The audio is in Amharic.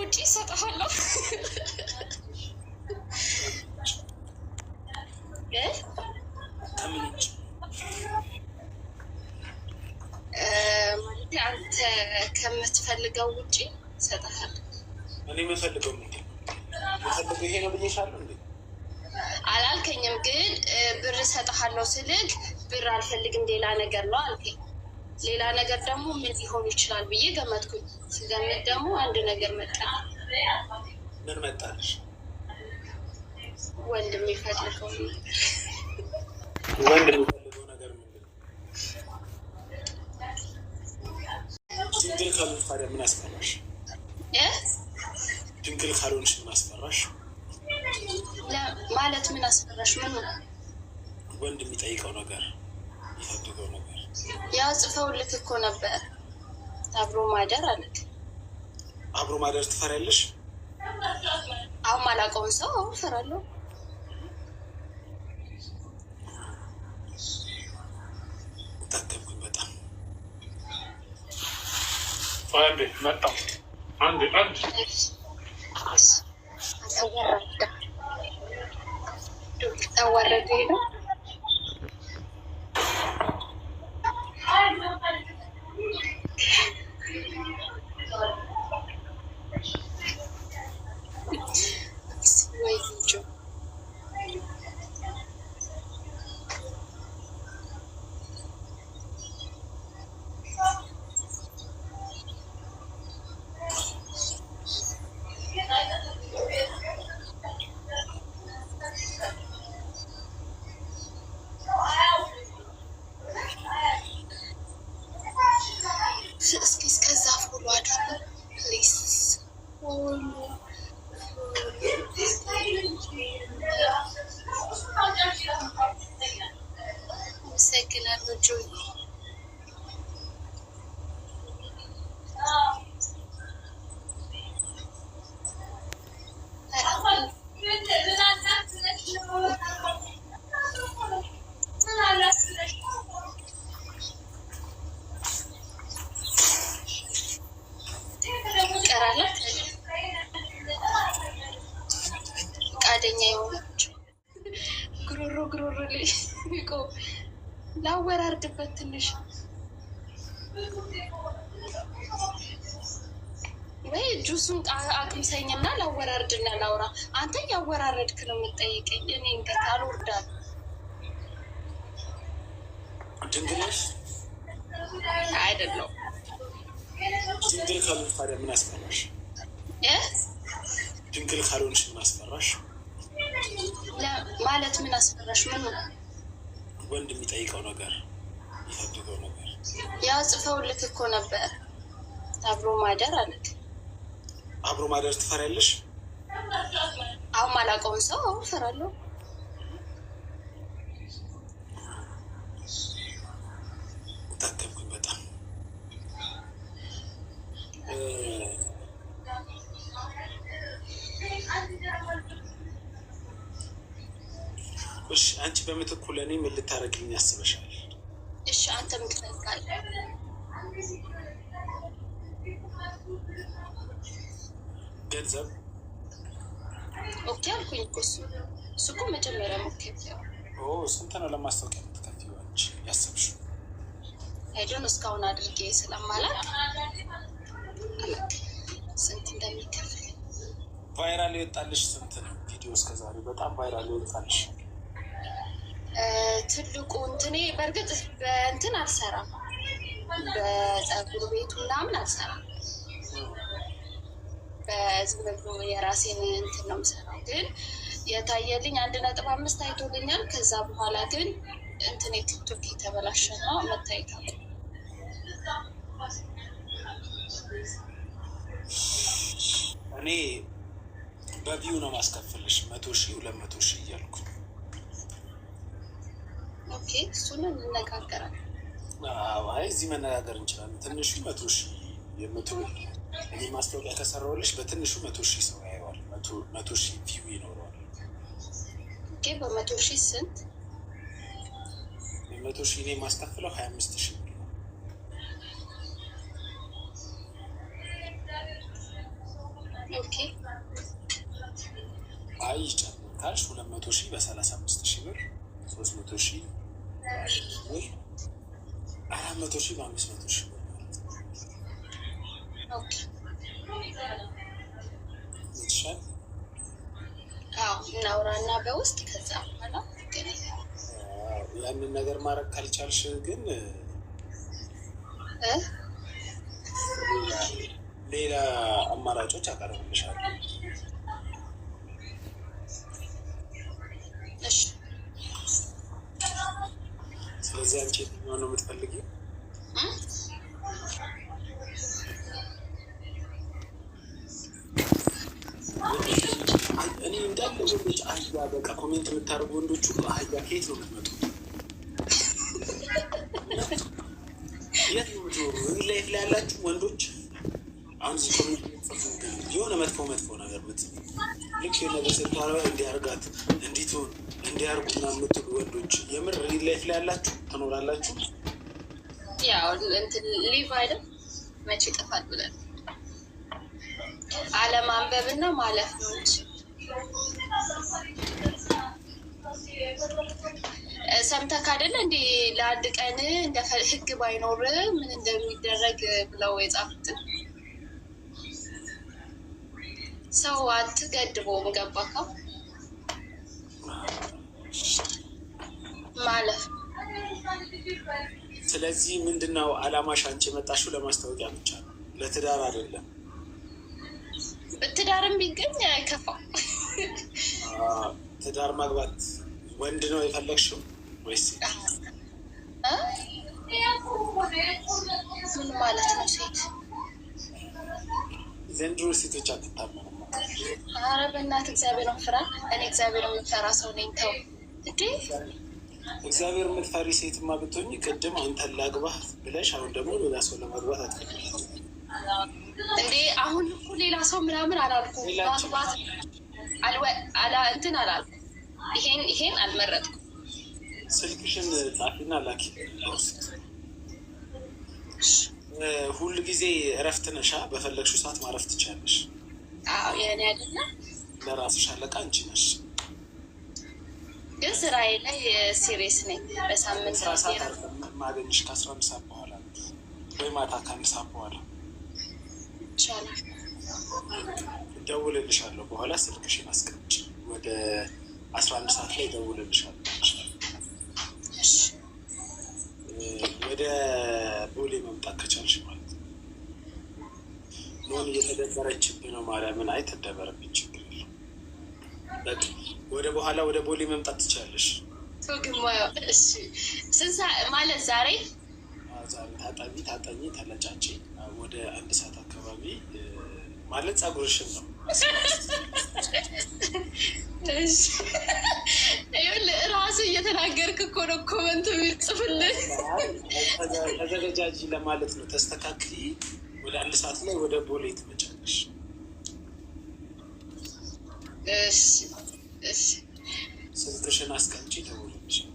ውጭ ይሰጠሃለሁ። አንተ ከምትፈልገው ውጭ ይሰጠሃል። እኔ የምፈልገው የምፈልገው ይሄ ነው ብዬሻለሁ እንዴ? አላልከኝም። ግን ብር እሰጥሃለሁ ስልክ ብር አልፈልግም ሌላ ነገር ነው አልከኝ። ሌላ ነገር ደግሞ ምን ሊሆን ይችላል ብዬ ገመትኩኝ። ስገምት ደግሞ አንድ ነገር መጣ። ምን መጣልሽ? ወንድ የሚፈልገው ወንድ የሚፈልገው ነገር ምንድን ድንግል ካልሆንሽ ታዲያ ምን አስፈራሽ? ድንግል ካልሆንሽ ምን አስፈራሽ? ማለት ምን አስፈራሽ? ምን ወንድ የሚጠይቀው ነገር የሚፈልገው ነገር ያ ጽፈውልክ እኮ ነበር። አብሮ ማደር አለት። አብሮ ማደር ትፈሪያለሽ? አሁን ማላውቀውን ሰው አሁን እፈራለሁ። በጣም ሄደው አለበት ትንሽ ወይ ጁሱን አቅምሰኝና ላወራርድና ላውራ። አንተ ያወራረድክ ነው የምጠይቀኝ። እኔ እንገት አልወርዳል ድንግልሽ አይደለው ድንግል ካልሆንሽ ታዲያ ምን አስመራሽ? ድንግል ካልሆንሽ ምን አስፈራሽ? ማለት ምን አስፈራሽ? ምን ወንድ የሚጠይቀው ነገር ያው ጽፈውልክ እኮ ነበር። አብሮ ማደር አለት። አብሮ ማደር ትፈሪያለሽ? አሁን አላውቀውም ሰው አሁን እፈራለሁ። እሺ። አንቺ በምትኩ ለእኔ ምን ልታደርግልኝ ያስበሻል? እሺ አንተ ምን ትፈልጋለህ? ገንዘብ ኦኬ አልኩኝ እኮ እሱ እሱ እኮ መጀመሪያ ሞኬ ስንት ነው ለማስታወቂያ የምትከፍይው አንቺ ያሰብሽው? ሄዶን እስካሁን አድርጌ ስለማላት ስንት እንደሚከፍል ቫይራል ይወጣልሽ ስንት ነው ቪዲዮ እስከዛሬ በጣም ቫይራል ይወጣልሽ ትልቁ እንትኔ በእርግጥ በእንትን አልሰራም፣ በፀጉር ቤቱ ምናምን አልሰራም። በህዝብ የራሴን እንትን ነው የምሰራው። ግን የታየልኝ አንድ ነጥብ አምስት አይቶልኛል። ከዛ በኋላ ግን እንትኔ ቲክቶክ የተበላሸ ነው መታየት እኔ በቪው ነው ማስከፍልሽ መቶ ሺህ ሁለት መቶ ሺህ እያልኩ ኦኬ፣ እሱን እንነጋገራል። አይ እዚህ መነጋገር እንችላለን። ትንሹ መቶ ሺ የመቶ እኔ ማስታወቂያ ከሰራሁልሽ በትንሹ መቶ ሺ ሰው ያየዋል፣ መቶ ሺ ቪው ይኖረዋል። ኦኬ፣ በመቶ ሺ ስንት የመቶ ሺ እኔ ማስከፍለው ሀያ አምስት ሺህ አይ ይቻላል ካልሽ ሁለት መቶ ሺህ በሰላሳ አምስት ሺህ ብር ሶስት መቶ ሺህ አራት መቶ ሺህ በአምስት መቶ ሺህ እናውራና በውስጥ ከዛ በኋላ ያንን ነገር ማድረግ ካልቻልሽ ግን ሌላ አማራጮች አቀርብልሻለሁ። ከዚህ አንቺ የትኛው ነው የምትፈልጊው? እኔ እንዳለ ወንዶች አህያ በቃ ኮሜንት የምታደርጉ ወንዶች ሁሉ አህያ ከየት ነው የምትመጡት? የት ነው የምትኖሩ? ላይፍ ላይ ያላችሁ ወንዶች አሁን የሆነ መጥፎ መጥፎ ነገር ምት ልክ የሆነ በስታ እንዲያርጋት እንዲትሆን እንዲያርጉና የምትሉ ወንዶች የምር ላይፍ ላይ ያላችሁ ትኖራላችሁ። ያው ሊቭ አይደል መቼ ይጠፋል ብለን አለማንበብና ማለፍ ነው እንጂ ሰምተህ አይደለ እንደ ለአንድ ቀን እንደ ህግ ባይኖር ምን እንደሚደረግ ብለው የጻፉትን ሰው አትገድበውም። ገባከው ማለፍ። ስለዚህ ምንድነው አላማሽ? አንቺ የመጣሽው ለማስታወቂያ ብቻ ነው፣ ለትዳር አይደለም። ትዳርም ቢገኝ አይከፋም። ትዳር ማግባት ወንድ ነው የፈለግሽው ወይስ ምን ማለት ነው? ሴት ዘንድሮ ሴቶች አትታመኑም። ኧረ በእናትህ እግዚአብሔርን ፍራ። እኔ እግዚአብሔር የምፈራ ሰው ነኝ። ተው እንዴ እግዚአብሔር የምትፈሪ ሴትማ ብትሆኝ ቅድም አንተን ላግባህ ብለሽ አሁን ደግሞ ሌላ ሰው ለማግባት አትፈልጊ እንዴ? አሁን እኮ ሌላ ሰው ምናምን አላልኩም። ማግባት አላ እንትን አላልኩም። ይሄን ይሄን አልመረጥኩም። ስልክሽን ጣፊና ላኪ። ሁል ጊዜ እረፍት ነሻ። በፈለግሽው ሰዓት ማረፍ ትችያለሽ። አዎ የእኔ አይደለ። ለራስሽ አለቃ አንቺ ነሽ። ግን ስራዬ ላይ ሲሪየስ ነኝ። በሳምንት ማገኝሽ ከአስራ አምስት ሰዓት በኋላ ወይ ማታ ከአንድ ሰዓት በኋላ ይቻላል። እደውልልሻለሁ። በኋላ ስልክሽን አስቀምጪ። ወደ አስራ አንድ ሰዓት ላይ እደውልልሻለሁ። ወደ ቦሌ መምጣት ከቻልሽ ማለት አሁን እየተደበረችብህ ነው። ማርያምን አይ ተደበረብኝ፣ ችግር በቃ ወደ በኋላ ወደ ቦሌ መምጣት ትችላለሽ። ማለት ዛሬ ታጠቢ ታጠቢ ተለጫጭ ወደ አንድ ሰዓት አካባቢ ማለት ፀጉርሽን ነው ራሱ እየተናገርክ እኮ ነው ኮመንት የሚጽፍልን። ተዘጋጃጂ ለማለት ነው ተስተካክል ወደ አንድ ሰዓት ላይ ወደ ቦሌ ትመጫለሽ። ስልክሽን አስቀምጪ፣ ደውልልሽ።